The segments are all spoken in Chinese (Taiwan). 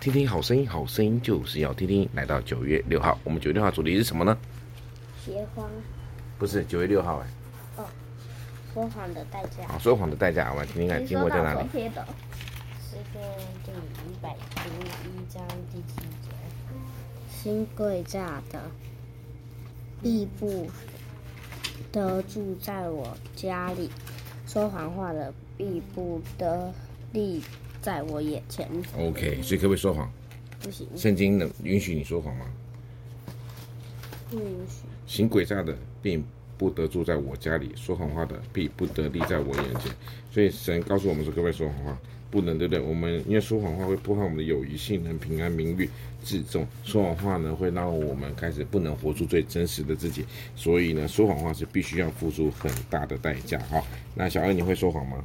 聽聽好聲音，好聲音就是要聽聽。來到九月六號，我們九月六號主題是什麼呢？結婚慌。不是九月六號哎、欸。哦。說謊的代價。啊，說謊的代價說謊的代價我們今天來聽說說的經過這來了。詩篇第一百零一章第七節。新貴家的，必不得住在我家裡。說謊話的，必不得立。在我眼前。O.K. 所以可不可以說謊？不行。不行不行，聖經能允許你說謊嗎？不允許。行詭詐的，並不得住在我家裡；說謊話的，必不得立在我眼前。所以神告訴我們說：各位說謊話不能，對不對？我們因為說謊話會破壞我們的友誼、信任平安、名譽、自重。說謊話呢，會讓我們開始不能活出最真實的自己。所以呢，說謊話是必須要付出很大的代價。好，那小二你會說謊嗎？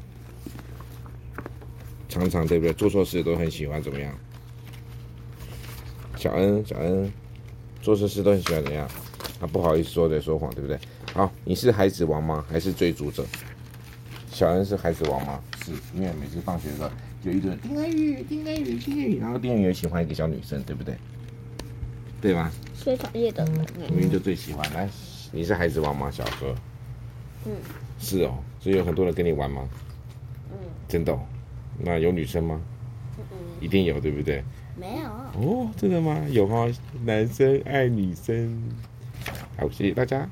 常常對不對？做錯事都很喜歡怎麼樣？小恩小恩，做錯事都很喜歡怎樣？他、啊、不好意思說在說謊對不對？好、哦，你是孩子王嗎？還是追逐者？小恩是孩子王嗎？是，因為每次放學的時候就一堆丁噹魚、丁噹魚、丁噹魚、魚、魚、魚。然後丁魚也喜歡一個小女生，對不對？對嗎？最討厭的。明明就最喜歡。來，你是孩子王嗎，小哥？嗯。是哦，所以有很多人跟你玩嗎？嗯。真逗、哦。那有女生嗎？嗯，一定有，對不對？沒有。哦，真的嗎？有嗎，啊，男生愛女生，好，謝謝大家。